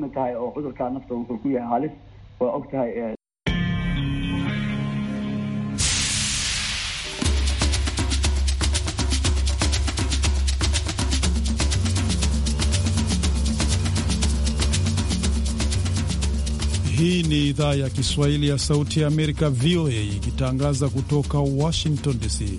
kamid tahay oo cudurka nafta wuxuu ku yahay halis waa og tahay er- Hii ni idhaa ya Kiswahili ya Sauti ya Amerika, VOA, ikitangaza kutoka Washington DC.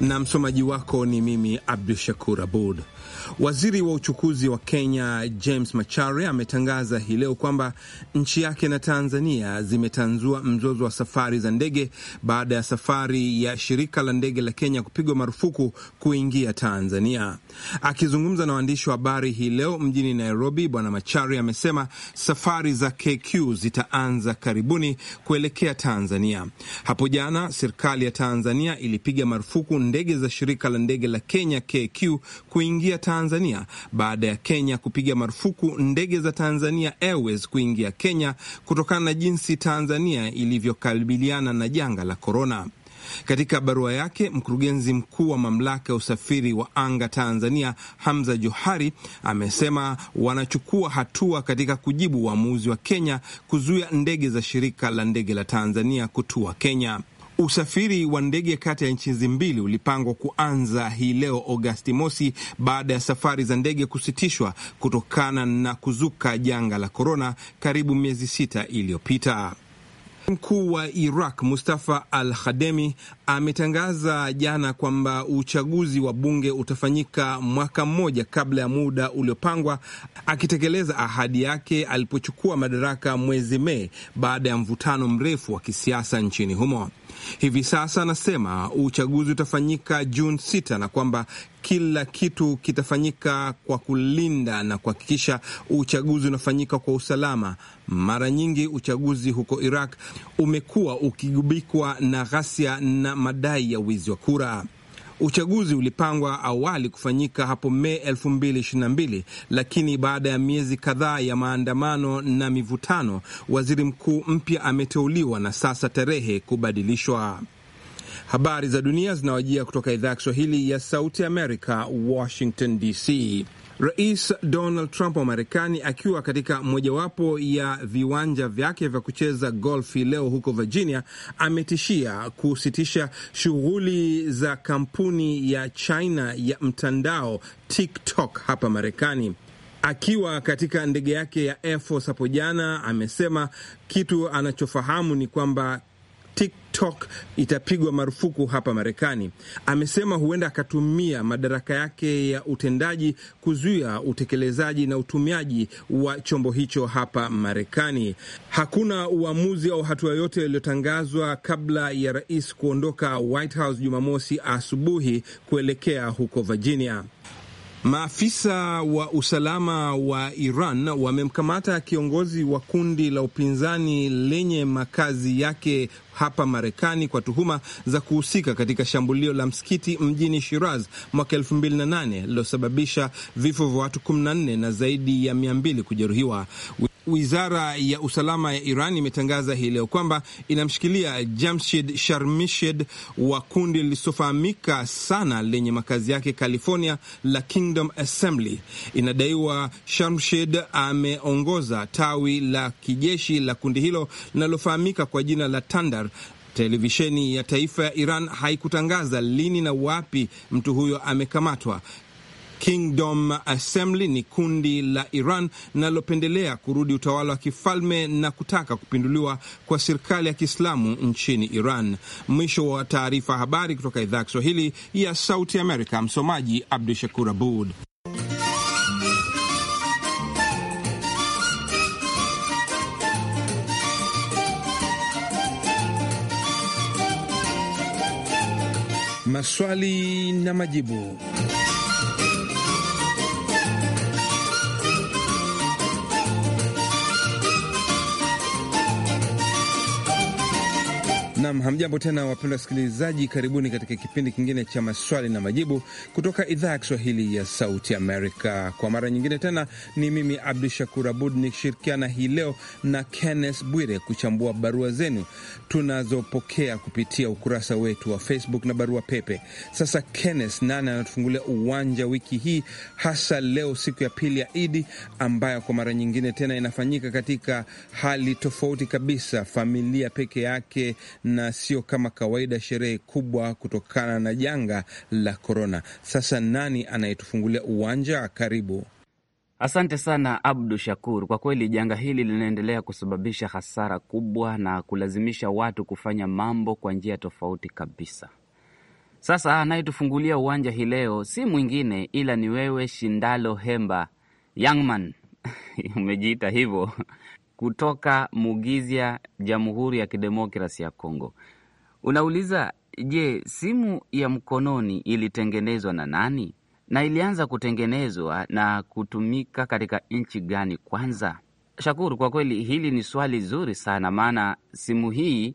na msomaji wako ni mimi Abdu Shakur Abud. Waziri wa uchukuzi wa Kenya James Macharia ametangaza hii leo kwamba nchi yake na Tanzania zimetanzua mzozo wa safari za ndege baada ya safari ya shirika la ndege la Kenya kupigwa marufuku kuingia Tanzania. Akizungumza na waandishi wa habari hii leo mjini Nairobi, Bwana Macharia amesema safari za KQ zitaanza karibuni kuelekea Tanzania. Hapo jana serikali ya Tanzania ilipiga marufuku ndege za shirika la ndege la Kenya KQ kuingia Tanzania Tanzania baada ya Kenya kupiga marufuku ndege za Tanzania Airways kuingia Kenya kutokana na jinsi Tanzania ilivyokabiliana na janga la korona. Katika barua yake, mkurugenzi mkuu wa mamlaka ya usafiri wa anga Tanzania Hamza Johari amesema wanachukua hatua katika kujibu uamuzi wa Kenya kuzuia ndege za shirika la ndege la Tanzania kutua Kenya. Usafiri wa ndege kati ya nchi hizi mbili ulipangwa kuanza hii leo Agosti mosi baada ya safari za ndege kusitishwa kutokana na kuzuka janga la korona karibu miezi sita iliyopita. Mkuu wa Iraq Mustafa Al Khademi ametangaza jana kwamba uchaguzi wa bunge utafanyika mwaka mmoja kabla ya muda uliopangwa, akitekeleza ahadi yake alipochukua madaraka mwezi Mei baada ya mvutano mrefu wa kisiasa nchini humo. Hivi sasa anasema uchaguzi utafanyika Juni st na kwamba kila kitu kitafanyika kwa kulinda na kuhakikisha uchaguzi unafanyika kwa usalama. Mara nyingi uchaguzi huko Iraq umekuwa ukigubikwa na ghasia na madai ya wizi wa kura. Uchaguzi ulipangwa awali kufanyika hapo Mei 2022 lakini baada ya miezi kadhaa ya maandamano na mivutano, waziri mkuu mpya ameteuliwa na sasa tarehe kubadilishwa. Habari za dunia zinawajia kutoka idhaa ya Kiswahili ya Sauti Amerika, Washington DC. Rais Donald Trump wa Marekani akiwa katika mojawapo ya viwanja vyake vya kucheza golf leo huko Virginia ametishia kusitisha shughuli za kampuni ya China ya mtandao TikTok hapa Marekani. Akiwa katika ndege yake ya Air Force hapo jana, amesema kitu anachofahamu ni kwamba TikTok itapigwa marufuku hapa Marekani. Amesema huenda akatumia madaraka yake ya utendaji kuzuia utekelezaji na utumiaji wa chombo hicho hapa Marekani. Hakuna uamuzi au hatua yoyote iliyotangazwa kabla ya rais kuondoka White House Jumamosi asubuhi kuelekea huko Virginia. Maafisa wa usalama wa Iran wamemkamata kiongozi wa kundi la upinzani lenye makazi yake hapa Marekani kwa tuhuma za kuhusika katika shambulio la msikiti mjini Shiraz mwaka 2008 lililosababisha vifo vya watu 14 na zaidi ya 200 kujeruhiwa. Wizara ya usalama ya Iran imetangaza hii leo kwamba inamshikilia Jamshid Sharmishid wa kundi lisilofahamika sana lenye makazi yake California la Kingdom Assembly. Inadaiwa Sharmshid ameongoza tawi la kijeshi la kundi hilo linalofahamika kwa jina la Tandar. Televisheni ya taifa ya Iran haikutangaza lini na wapi mtu huyo amekamatwa. Kingdom Assembly ni kundi la Iran linalopendelea kurudi utawala wa kifalme na kutaka kupinduliwa kwa serikali ya Kiislamu nchini Iran. Mwisho wa taarifa. Habari kutoka idhaa ya Kiswahili ya Sauti Amerika. Msomaji Abdu Shakur Abud. Maswali na majibu. Nam, hamjambo tena wapendwa wasikilizaji, karibuni katika kipindi kingine cha maswali na majibu kutoka idhaa ya Kiswahili ya Sauti Amerika. Kwa mara nyingine tena ni mimi Abdu Shakur Abud nikishirikiana hii leo na Kenneth Bwire kuchambua barua zenu tunazopokea kupitia ukurasa wetu wa Facebook na barua pepe. Sasa Kenneth, nane anatufungulia uwanja wiki hii, hasa leo siku ya pili ya Idi ambayo kwa mara nyingine tena inafanyika katika hali tofauti kabisa, familia peke yake na sio kama kawaida sherehe kubwa kutokana na janga la korona. Sasa nani anayetufungulia uwanja? Karibu. Asante sana Abdu Shakur. Kwa kweli janga hili linaendelea kusababisha hasara kubwa na kulazimisha watu kufanya mambo kwa njia tofauti kabisa. Sasa anayetufungulia uwanja hii leo si mwingine ila ni wewe Shindalo Hemba Youngman umejiita hivyo kutoka Mugizia, Jamhuri ya Kidemokrasi ya Kongo, unauliza je, simu ya mkononi ilitengenezwa na nani na ilianza kutengenezwa na kutumika katika nchi gani? Kwanza Shakuru, kwa kweli hili ni swali zuri sana, maana simu hii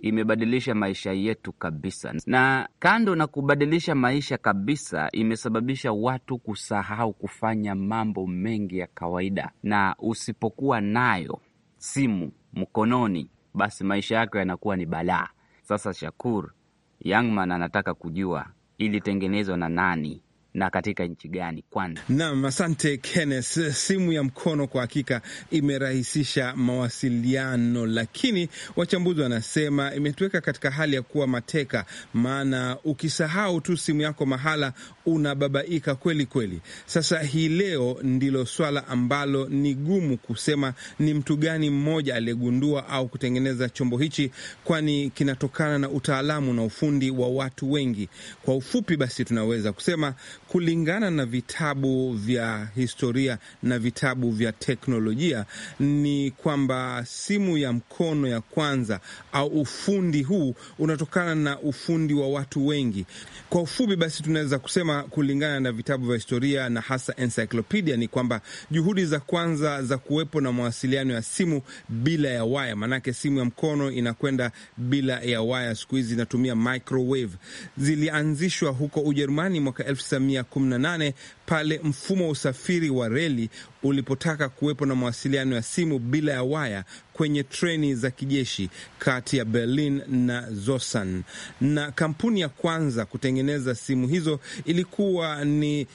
imebadilisha maisha yetu kabisa, na kando na kubadilisha maisha kabisa, imesababisha watu kusahau kufanya mambo mengi ya kawaida. Na usipokuwa nayo simu mkononi, basi maisha yako yanakuwa ni balaa. Sasa Shakur Youngman anataka kujua ilitengenezwa na nani? na katika nchi gani kwanza? Naam, asante Kenneth. Simu ya mkono kwa hakika imerahisisha mawasiliano, lakini wachambuzi wanasema imetuweka katika hali ya kuwa mateka, maana ukisahau tu simu yako mahala unababaika kweli kweli. Sasa hii leo ndilo swala ambalo ni gumu kusema ni mtu gani mmoja aliyegundua au kutengeneza chombo hichi, kwani kinatokana na utaalamu na ufundi wa watu wengi. Kwa ufupi basi, tunaweza kusema kulingana na vitabu vya historia na vitabu vya teknolojia ni kwamba simu ya mkono ya kwanza au ufundi huu unatokana na ufundi wa watu wengi. Kwa ufupi basi, tunaweza kusema kusoma kulingana na vitabu vya historia na hasa encyclopedia ni kwamba juhudi za kwanza za kuwepo na mawasiliano ya simu bila ya waya, maanake simu ya mkono inakwenda bila ya waya, siku hizi inatumia microwave, zilianzishwa huko Ujerumani mwaka 1918 pale mfumo wa usafiri wa reli ulipotaka kuwepo na mawasiliano ya simu bila ya waya kwenye treni za kijeshi kati ya Berlin na zosan Na kampuni ya kwanza kutengeneza simu hizo ilikuwa ni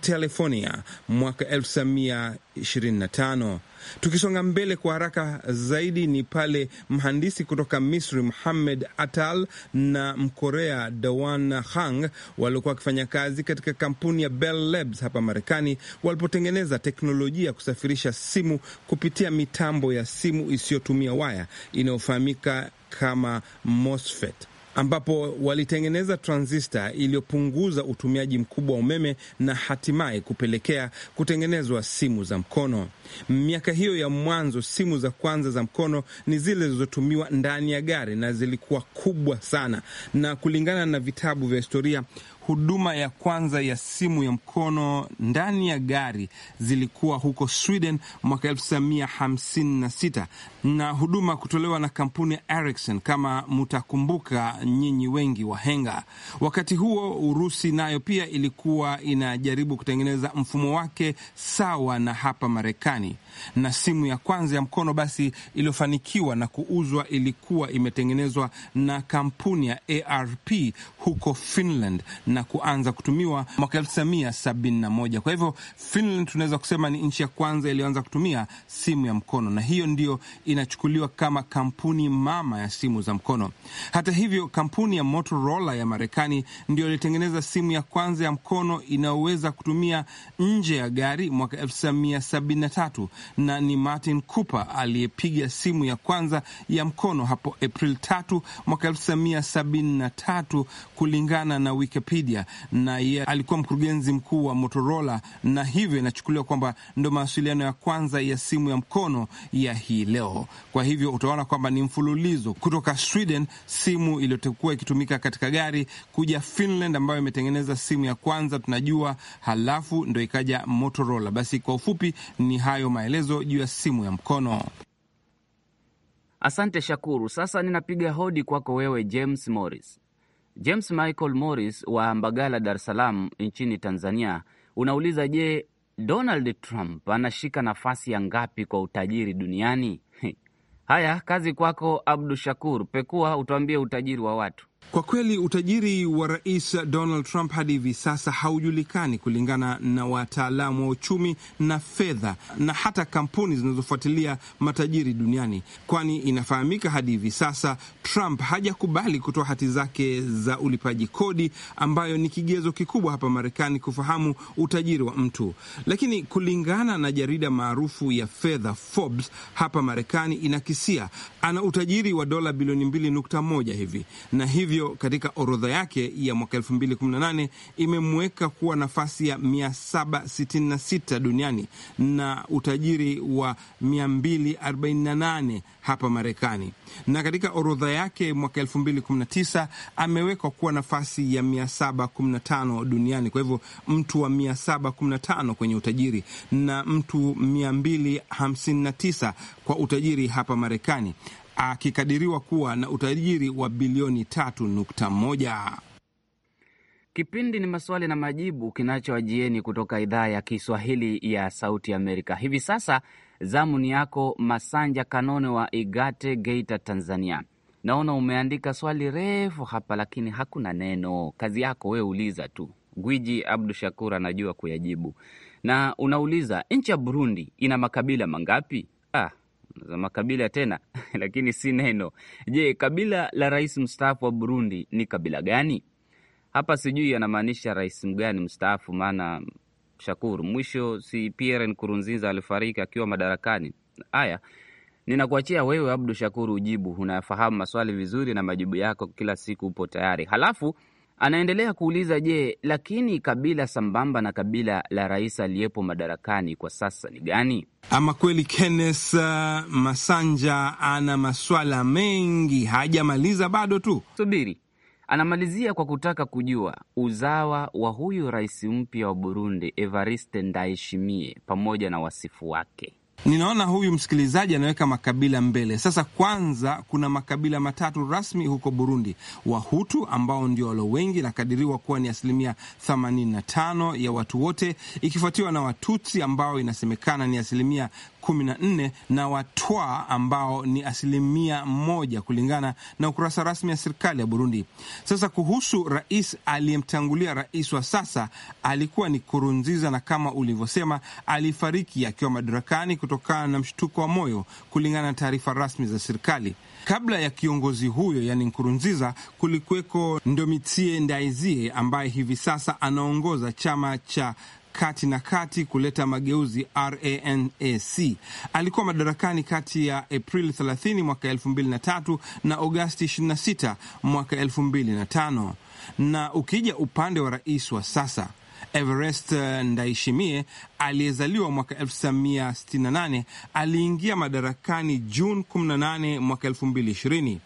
Telefonia mwaka 1925. Tukisonga mbele kwa haraka zaidi, ni pale mhandisi kutoka Misri Muhamed Atal na Mkorea Dawan Hang waliokuwa wakifanya kazi katika kampuni ya Bell Labs hapa Marekani walipotengeneza teknolojia ya kusafirisha simu kupitia mitambo ya simu isiyotumia waya inayofahamika kama MOSFET ambapo walitengeneza transista iliyopunguza utumiaji mkubwa wa umeme na hatimaye kupelekea kutengenezwa simu za mkono. Miaka hiyo ya mwanzo, simu za kwanza za mkono ni zile zilizotumiwa ndani ya gari na zilikuwa kubwa sana, na kulingana na vitabu vya historia huduma ya kwanza ya simu ya mkono ndani ya gari zilikuwa huko Sweden mwaka 1956 na huduma kutolewa na kampuni ya Ericsson, kama mutakumbuka nyinyi wengi wahenga. Wakati huo Urusi nayo pia ilikuwa inajaribu kutengeneza mfumo wake sawa na hapa Marekani, na simu ya kwanza ya mkono basi iliyofanikiwa na kuuzwa ilikuwa imetengenezwa na kampuni ya ARP huko Finland na kuanza kutumiwa mwaka moja. Kwa hivyo Finland tunaweza kusema ni nchi ya kwanza iliyoanza kutumia simu ya mkono, na hiyo ndiyo inachukuliwa kama kampuni mama ya simu za mkono. Hata hivyo, kampuni ya Motorola ya Marekani ndio ilitengeneza simu ya kwanza ya mkono inayoweza kutumia nje ya gari mwaka sabini na ni Martin Cooper aliyepiga simu ya kwanza ya mkono hapo April tatu mwaka tatu kulingana na Wikipedia media, na ye alikuwa mkurugenzi mkuu wa Motorola, na hivyo inachukuliwa kwamba ndo mawasiliano ya kwanza ya simu ya mkono ya hii leo. Kwa hivyo utaona kwamba ni mfululizo kutoka Sweden, simu iliyokuwa ikitumika katika gari, kuja Finland ambayo imetengeneza simu ya kwanza tunajua, halafu ndo ikaja Motorola. Basi kwa ufupi ni hayo maelezo juu ya simu ya mkono. Asante Shakuru. Sasa ninapiga hodi kwako wewe James Morris. James Michael Morris wa Mbagala, Dar es Salaam nchini Tanzania unauliza, je, Donald Trump anashika nafasi ya ngapi kwa utajiri duniani? Haya, kazi kwako Abdu Shakur, pekua utuambie utajiri wa watu. Kwa kweli utajiri wa Rais Donald Trump hadi hivi sasa haujulikani, kulingana na wataalamu wa uchumi na fedha na hata kampuni zinazofuatilia matajiri duniani, kwani inafahamika hadi hivi sasa Trump hajakubali kutoa hati zake za ulipaji kodi, ambayo ni kigezo kikubwa hapa Marekani kufahamu utajiri wa mtu. Lakini kulingana na jarida maarufu ya fedha Forbes hapa Marekani, inakisia ana utajiri wa dola bilioni 2.1 hivi na hivi hivyo katika orodha yake ya mwaka 2018 imemweka kuwa nafasi ya 766 duniani na utajiri wa 248 hapa Marekani. Na katika orodha yake mwaka 2019 amewekwa kuwa nafasi ya 715 duniani, kwa hivyo mtu wa 715 kwenye utajiri na mtu 259 kwa utajiri hapa Marekani akikadiriwa kuwa na utajiri wa bilioni tatu nukta moja. Kipindi ni maswali na majibu kinachoajieni kutoka idhaa ya Kiswahili ya Sauti Amerika. Hivi sasa zamu ni yako Masanja Kanone wa Igate, Geita, Tanzania. Naona umeandika swali refu hapa, lakini hakuna neno. Kazi yako wewe, uliza tu. Gwiji Abdu Shakur anajua kuyajibu, na unauliza nchi ya Burundi ina makabila mangapi? za makabila tena lakini si neno. Je, kabila la rais mstaafu wa Burundi ni kabila gani? Hapa sijui anamaanisha rais mgani mstaafu, maana Shakuru mwisho si Pierre Nkurunziza alifariki akiwa madarakani. Haya, ninakuachia wewe Abdu Shakuru ujibu. Unayafahamu maswali vizuri na majibu yako kila siku upo tayari, halafu Anaendelea kuuliza je, lakini kabila sambamba na kabila la rais aliyepo madarakani kwa sasa ni gani? Ama kweli Kenneth uh, Masanja ana maswala mengi, hajamaliza bado tu. Subiri. Anamalizia kwa kutaka kujua uzawa wa huyu rais mpya wa Burundi Evariste Ndayishimiye pamoja na wasifu wake. Ninaona huyu msikilizaji anaweka makabila mbele. Sasa kwanza, kuna makabila matatu rasmi huko Burundi: Wahutu ambao ndio walo wengi, nakadiriwa kuwa ni asilimia 85 ya watu wote, ikifuatiwa na Watutsi ambao inasemekana ni asilimia kumi na Watwa ambao ni asilimia moja kulingana na ukurasa rasmi ya serikali ya Burundi. Sasa kuhusu rais aliyemtangulia rais wa sasa alikuwa ni Kurunziza, na kama ulivyosema, alifariki akiwa madarakani kutokana na mshtuko wa moyo, kulingana na taarifa rasmi za serikali. Kabla ya kiongozi huyo, yani Nkurunziza, kulikuweko ndomitie Ndaizie ambaye hivi sasa anaongoza chama cha kati na kati kuleta mageuzi RANAC. Alikuwa madarakani kati ya Aprili 30 mwaka 2003 na Agosti 26 mwaka 2005. Na ukija upande wa rais wa sasa Everest eh, Ndaishimie aliyezaliwa mwaka 1968 aliingia madarakani Juni 18 mwaka 2020.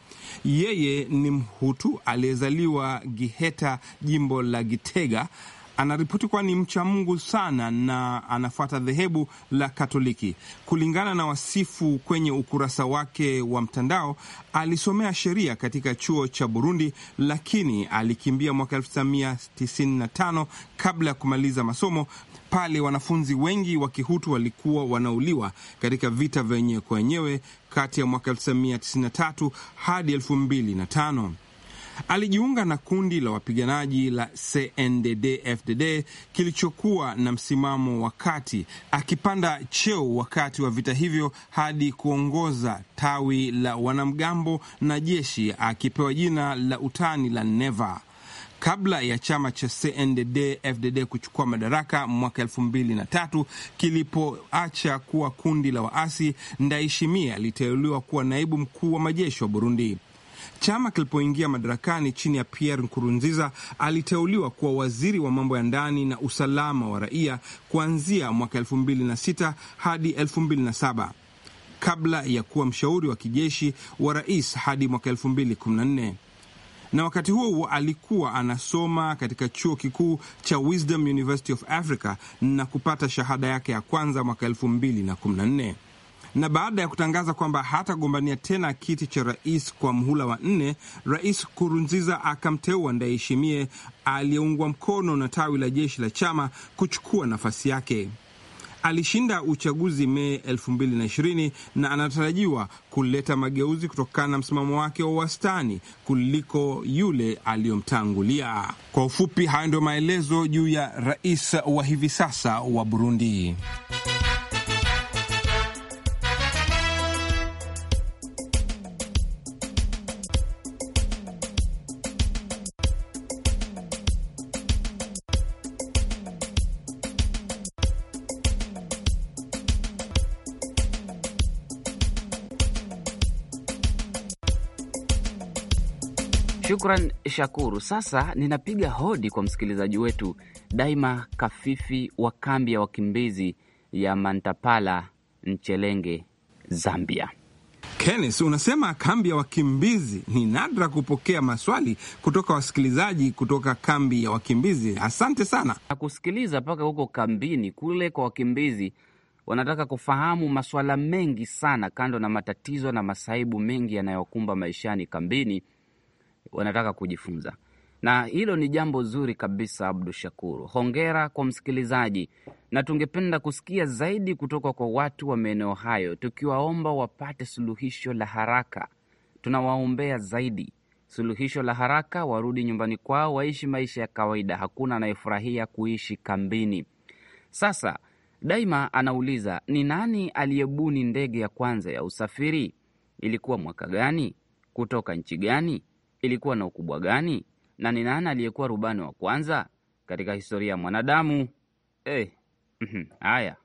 Yeye ni Mhutu aliyezaliwa Giheta, jimbo la Gitega anaripoti kuwa ni mcha Mungu sana na anafuata dhehebu la Katoliki. Kulingana na wasifu kwenye ukurasa wake wa mtandao, alisomea sheria katika chuo cha Burundi, lakini alikimbia mwaka 1995 kabla ya kumaliza masomo pale wanafunzi wengi wa Kihutu walikuwa wanauliwa katika vita vyenyewe kwa wenyewe kati ya mwaka 1993 hadi 2005. Alijiunga na kundi la wapiganaji la CNDD-FDD kilichokuwa na msimamo wa kati, akipanda cheo wakati wa vita hivyo hadi kuongoza tawi la wanamgambo na jeshi, akipewa jina la utani la Neva kabla ya chama cha CNDD-FDD kuchukua madaraka mwaka elfu mbili na tatu kilipoacha kuwa kundi la waasi. ndaishimia aliteuliwa kuwa naibu mkuu wa majeshi wa Burundi. Chama kilipoingia madarakani chini ya Pierre Nkurunziza, aliteuliwa kuwa waziri wa mambo ya ndani na usalama wa raia kuanzia mwaka 2006 hadi 2007 kabla ya kuwa mshauri wa kijeshi wa rais hadi mwaka 2014 na wakati huo huo alikuwa anasoma katika chuo kikuu cha Wisdom University of Africa na kupata shahada yake ya kwanza mwaka 2014 na baada ya kutangaza kwamba hatagombania tena kiti cha rais kwa mhula wa nne, Rais Kurunziza akamteua Ndayishimiye aliyeungwa mkono na tawi la jeshi la chama kuchukua nafasi yake. Alishinda uchaguzi Mei 2020 na anatarajiwa kuleta mageuzi kutokana na msimamo wake wa wastani kuliko yule aliyomtangulia. Kwa ufupi, hayo ndio maelezo juu ya rais wa hivi sasa wa Burundi. Shukran Shakuru. Sasa ninapiga hodi kwa msikilizaji wetu Daima Kafifi wa kambi ya wakimbizi ya Mantapala, Nchelenge, Zambia. Kenes, unasema kambi ya wakimbizi. Ni nadra kupokea maswali kutoka wasikilizaji kutoka kambi ya wakimbizi. Asante sana na kusikiliza mpaka huko kambini kule kwa wakimbizi. Wanataka kufahamu maswala mengi sana, kando na matatizo na masaibu mengi yanayokumba maishani kambini wanataka kujifunza, na hilo ni jambo zuri kabisa. Abdu Shakuru, hongera kwa msikilizaji, na tungependa kusikia zaidi kutoka kwa watu wa maeneo hayo, tukiwaomba wapate suluhisho la haraka. Tunawaombea zaidi suluhisho la haraka, warudi nyumbani kwao, waishi maisha ya kawaida. Hakuna anayefurahia kuishi kambini. Sasa Daima anauliza ni nani aliyebuni ndege ya kwanza ya usafiri? Ilikuwa mwaka gani? Kutoka nchi gani? ilikuwa na ukubwa gani na ni nani aliyekuwa rubani wa kwanza katika historia ya mwanadamu? Eh, mhm, haya,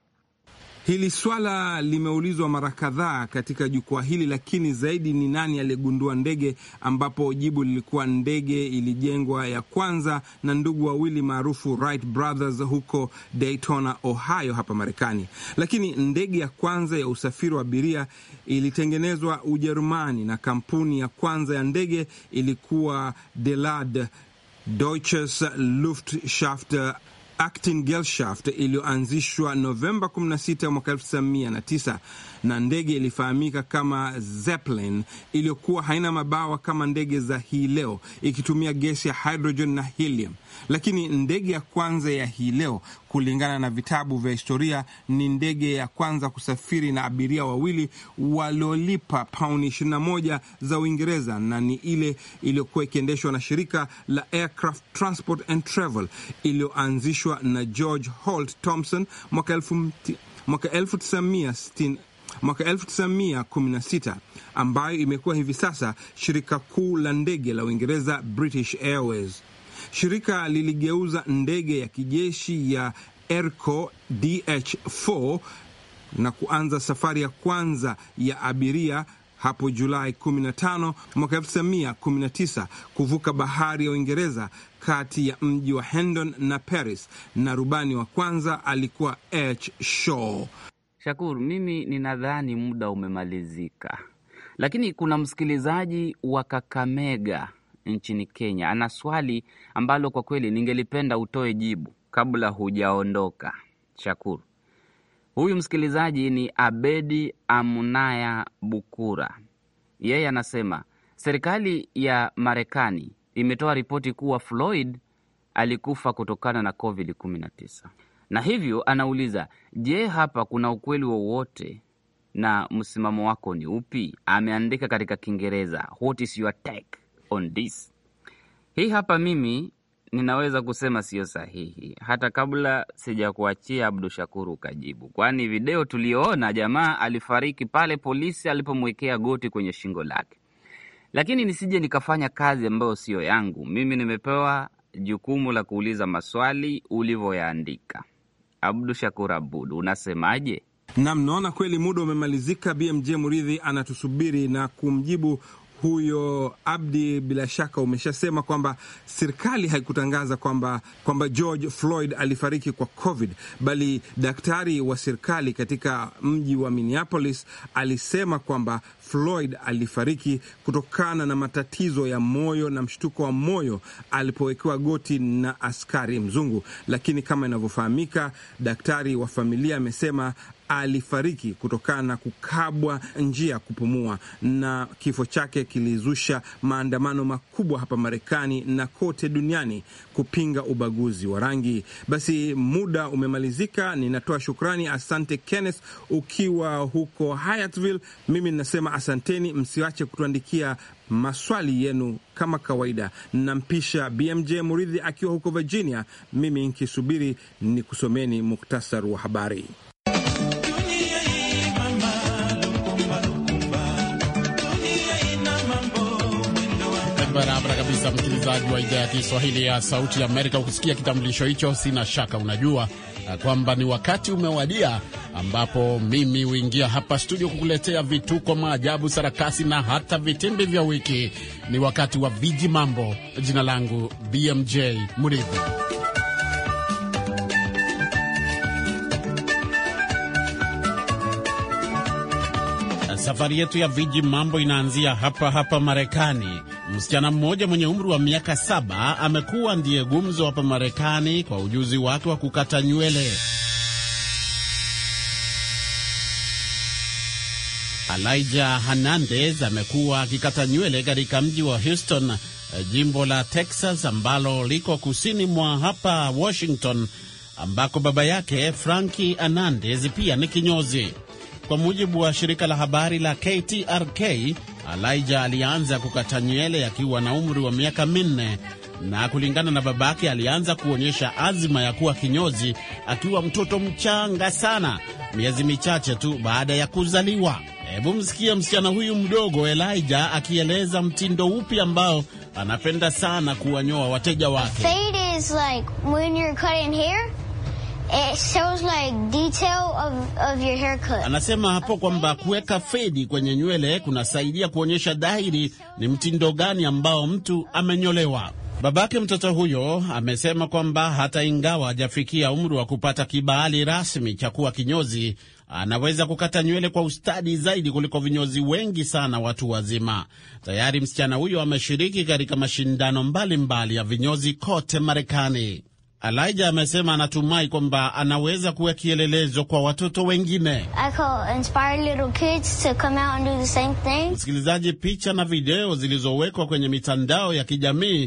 Hili swala limeulizwa mara kadhaa katika jukwaa hili, lakini zaidi ni nani aliyegundua ndege, ambapo jibu lilikuwa ndege ilijengwa ya kwanza na ndugu wawili maarufu Wright Brothers huko Daytona, Ohio, hapa Marekani. Lakini ndege ya kwanza ya usafiri wa abiria ilitengenezwa Ujerumani, na kampuni ya kwanza ya ndege ilikuwa Delad Deutsches Luftschafft Actin gelshaft iliyoanzishwa Novemba 16 mwaka 1909 na ndege ilifahamika kama Zeppelin iliyokuwa haina mabawa kama ndege za hii leo, ikitumia gesi ya hydrogen na helium. Lakini ndege ya kwanza ya hii leo, kulingana na vitabu vya historia, ni ndege ya kwanza kusafiri na abiria wawili waliolipa pauni 21 za Uingereza, na ni ile iliyokuwa ikiendeshwa na shirika la Aircraft Transport and Travel iliyoanzishwa na George Holt Thompson mwaka mwaka 1916 ambayo imekuwa hivi sasa shirika kuu la ndege la Uingereza, British Airways. Shirika liligeuza ndege ya kijeshi ya Erco DH4 na kuanza safari ya kwanza ya abiria hapo Julai 15 mwaka 1919 kuvuka bahari ya Uingereza kati ya mji wa Hendon na Paris, na rubani wa kwanza alikuwa H Shaw. Shakuru, mimi ninadhani muda umemalizika, lakini kuna msikilizaji wa Kakamega nchini Kenya ana swali ambalo kwa kweli ningelipenda utoe jibu kabla hujaondoka, Shakuru. Huyu msikilizaji ni Abedi Amunaya Bukura. Yeye anasema serikali ya Marekani imetoa ripoti kuwa Floyd alikufa kutokana na COVID-19 na hivyo anauliza, je, hapa kuna ukweli wowote na msimamo wako ni upi? Ameandika katika Kiingereza, what is your take on this? Hii hapa mimi ninaweza kusema siyo sahihi, hata kabla sijakuachia Abdu Shakuru ukajibu, kwani video tuliyoona jamaa alifariki pale polisi alipomwekea goti kwenye shingo lake. Lakini nisije nikafanya kazi ambayo siyo yangu. Mimi nimepewa jukumu la kuuliza maswali ulivyoyaandika. Abdu Shakur Abud, unasemaje? Nam, naona kweli muda umemalizika. BMJ Muridhi anatusubiri na kumjibu huyo Abdi, bila shaka umeshasema kwamba serikali haikutangaza kwamba kwamba George Floyd alifariki kwa COVID, bali daktari wa serikali katika mji wa Minneapolis alisema kwamba Floyd alifariki kutokana na matatizo ya moyo na mshtuko wa moyo alipowekewa goti na askari mzungu. Lakini kama inavyofahamika, daktari wa familia amesema alifariki kutokana na kukabwa njia ya kupumua, na kifo chake kilizusha maandamano makubwa hapa Marekani na kote duniani kupinga ubaguzi wa rangi. Basi muda umemalizika, ninatoa shukrani. Asante Kenneth, ukiwa huko Hyattville. Mimi ninasema asanteni, msiwache kutuandikia maswali yenu kama kawaida. Nampisha BMJ Muridhi akiwa huko Virginia, mimi nkisubiri ni kusomeni muktasar wa habari. kabisa, msikilizaji wa idhaa ya Kiswahili ya Sauti ya Amerika. Ukisikia kitambulisho hicho, sina shaka unajua eh, kwamba ni wakati umewadia ambapo mimi huingia hapa studio kukuletea vituko, maajabu, sarakasi na hata vitimbi vya wiki. Ni wakati wa viji mambo. Jina langu BMJ Murithi. Safari yetu ya viji mambo inaanzia hapa hapa Marekani. Msichana mmoja mwenye umri wa miaka saba amekuwa ndiye gumzo hapa Marekani kwa ujuzi wake wa kukata nywele. Elijah Hernandez amekuwa akikata nywele katika mji wa Houston, eh, jimbo la Texas ambalo liko kusini mwa hapa Washington, ambako baba yake Frankie Hernandez pia ni kinyozi. Kwa mujibu wa shirika la habari la KTRK, Alaija alianza kukata nywele akiwa na umri wa miaka minne na kulingana na babake, alianza kuonyesha azma ya kuwa kinyozi akiwa mtoto mchanga sana, miezi michache tu baada ya kuzaliwa. Hebu msikie msichana huyu mdogo elaija akieleza mtindo upi ambao anapenda sana kuwanyoa wateja wake. It shows like detail of, of your haircut. Anasema hapo kwamba kuweka fedi kwenye nywele kunasaidia kuonyesha dhahiri ni mtindo gani ambao mtu amenyolewa. Babake mtoto huyo amesema kwamba hata ingawa hajafikia umri wa kupata kibali rasmi cha kuwa kinyozi, anaweza kukata nywele kwa ustadi zaidi kuliko vinyozi wengi sana watu wazima. Tayari msichana huyo ameshiriki katika mashindano mbalimbali mbali ya vinyozi kote Marekani. Alaija amesema anatumai kwamba anaweza kuwa kielelezo kwa watoto wengine. Msikilizaji, picha na video zilizowekwa kwenye mitandao ya kijamii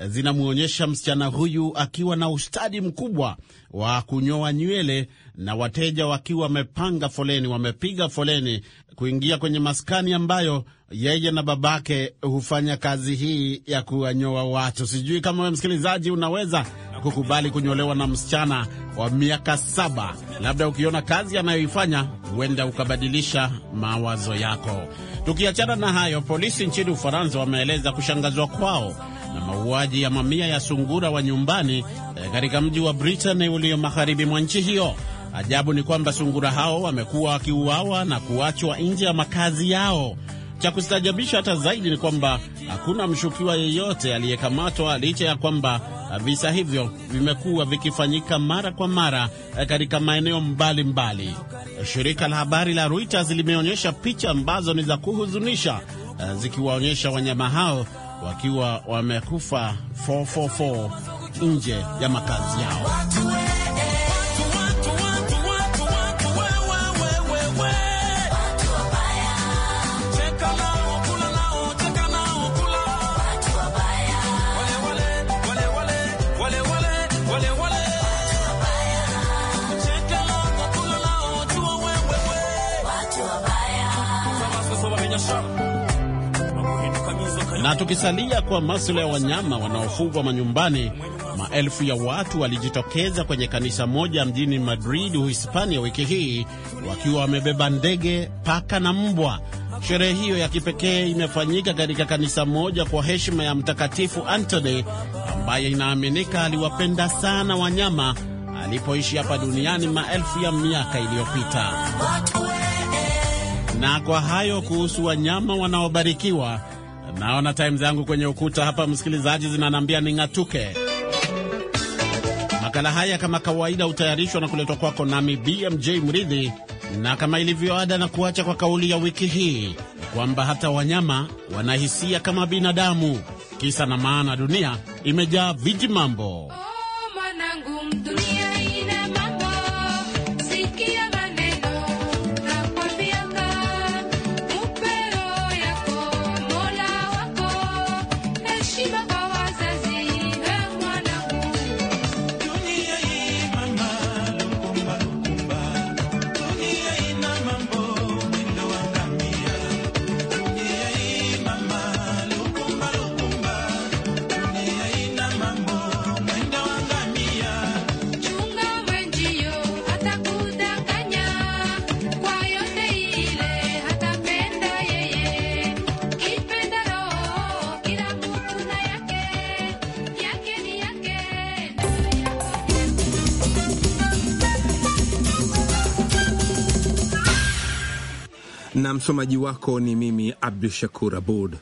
eh, zinamwonyesha msichana huyu akiwa na ustadi mkubwa wa kunyoa nywele na wateja wakiwa wamepanga foleni, wamepiga foleni kuingia kwenye maskani ambayo yeye na babake hufanya kazi hii ya kuwanyoa watu. Sijui kama we msikilizaji unaweza kukubali kunyolewa na msichana wa miaka saba. Labda ukiona kazi anayoifanya huenda ukabadilisha mawazo yako. Tukiachana na hayo, polisi nchini Ufaransa wameeleza kushangazwa kwao na mauaji ya mamia ya sungura wa nyumbani eh, katika mji wa Britani ulio magharibi mwa nchi hiyo. Ajabu ni kwamba sungura hao wamekuwa wakiuawa na kuachwa nje ya makazi yao. Cha kustajabisha hata zaidi ni kwamba hakuna mshukiwa yeyote aliyekamatwa licha ya kwamba visa hivyo vimekuwa vikifanyika mara kwa mara katika maeneo mbalimbali mbali. Shirika la habari la Reuters limeonyesha picha ambazo ni za kuhuzunisha zikiwaonyesha wanyama hao wakiwa wamekufa 444 nje ya makazi yao. Na tukisalia kwa masuala ya wanyama wanaofugwa manyumbani, maelfu ya watu walijitokeza kwenye kanisa moja mjini Madrid, Uhispania, wiki hii wakiwa wamebeba ndege, paka na mbwa. Sherehe hiyo ya kipekee imefanyika katika kanisa moja kwa heshima ya Mtakatifu Antony ambaye inaaminika aliwapenda sana wanyama alipoishi hapa duniani maelfu ya miaka iliyopita. Na kwa hayo kuhusu wanyama wanaobarikiwa Naona time zangu kwenye ukuta hapa, msikilizaji, ni ning'atuke. Makala haya kama kawaida hutayarishwa na kuletwa kwako nami BMJ Mridhi, na kama ilivyo ada, na kuacha kwa kauli ya wiki hii kwamba hata wanyama wanahisia kama binadamu. Kisa na maana, dunia imejaa viji mambo. na msomaji wako ni mimi Abdu Shakur Abud.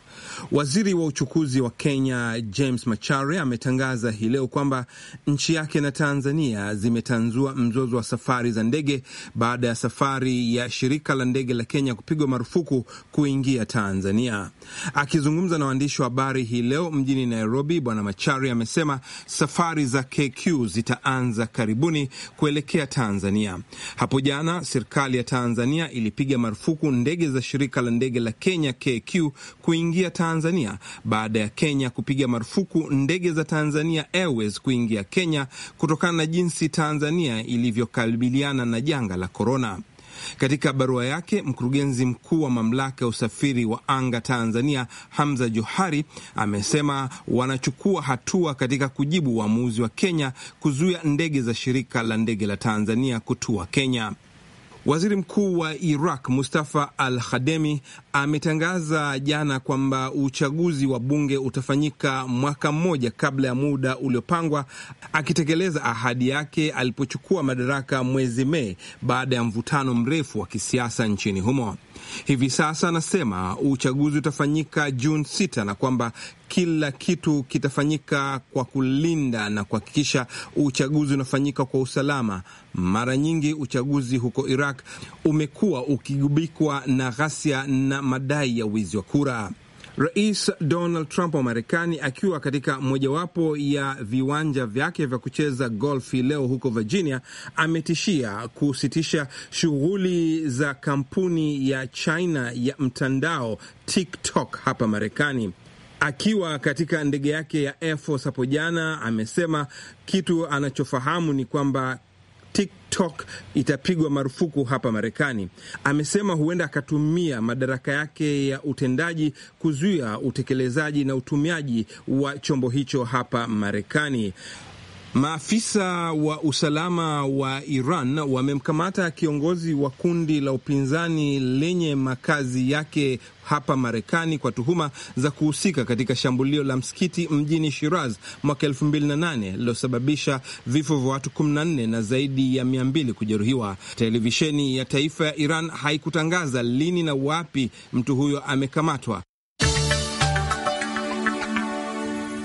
Waziri wa uchukuzi wa Kenya James Macharia ametangaza hii leo kwamba nchi yake na Tanzania zimetanzua mzozo wa safari za ndege baada ya safari ya shirika la ndege la Kenya kupigwa marufuku kuingia Tanzania. Akizungumza na waandishi wa habari hii leo mjini Nairobi, Bwana Macharia amesema safari za KQ zitaanza karibuni kuelekea Tanzania. Hapo jana serikali ya Tanzania ilipiga marufuku ndege za shirika la ndege la Kenya KQ kuingia Tanzania baada ya Kenya kupiga marufuku ndege za Tanzania Airways kuingia Kenya kutokana na jinsi Tanzania ilivyokabiliana na janga la korona. Katika barua yake, mkurugenzi mkuu wa mamlaka ya usafiri wa anga Tanzania, Hamza Johari, amesema wanachukua hatua katika kujibu uamuzi wa Kenya kuzuia ndege za shirika la ndege la Tanzania kutua Kenya. Waziri mkuu wa Iraq Mustafa Al Khademi ametangaza jana kwamba uchaguzi wa bunge utafanyika mwaka mmoja kabla ya muda uliopangwa, akitekeleza ahadi yake alipochukua madaraka mwezi Mei baada ya mvutano mrefu wa kisiasa nchini humo. Hivi sasa anasema uchaguzi utafanyika Juni st na kwamba kila kitu kitafanyika kwa kulinda na kuhakikisha uchaguzi unafanyika kwa usalama. Mara nyingi uchaguzi huko Iraq umekuwa ukigubikwa na ghasia na madai ya wizi wa kura. Rais Donald Trump wa Marekani akiwa katika mojawapo ya viwanja vyake vya kucheza golf leo huko Virginia ametishia kusitisha shughuli za kampuni ya China ya mtandao TikTok hapa Marekani. Akiwa katika ndege yake ya Air Force hapo jana, amesema kitu anachofahamu ni kwamba TikTok itapigwa marufuku hapa Marekani. Amesema huenda akatumia madaraka yake ya utendaji kuzuia utekelezaji na utumiaji wa chombo hicho hapa Marekani. Maafisa wa usalama wa Iran wamemkamata kiongozi wa kundi la upinzani lenye makazi yake hapa Marekani kwa tuhuma za kuhusika katika shambulio la msikiti mjini Shiraz mwaka 2008 lililosababisha vifo vya watu 14 na zaidi ya 200 kujeruhiwa. Televisheni ya taifa ya Iran haikutangaza lini na wapi mtu huyo amekamatwa.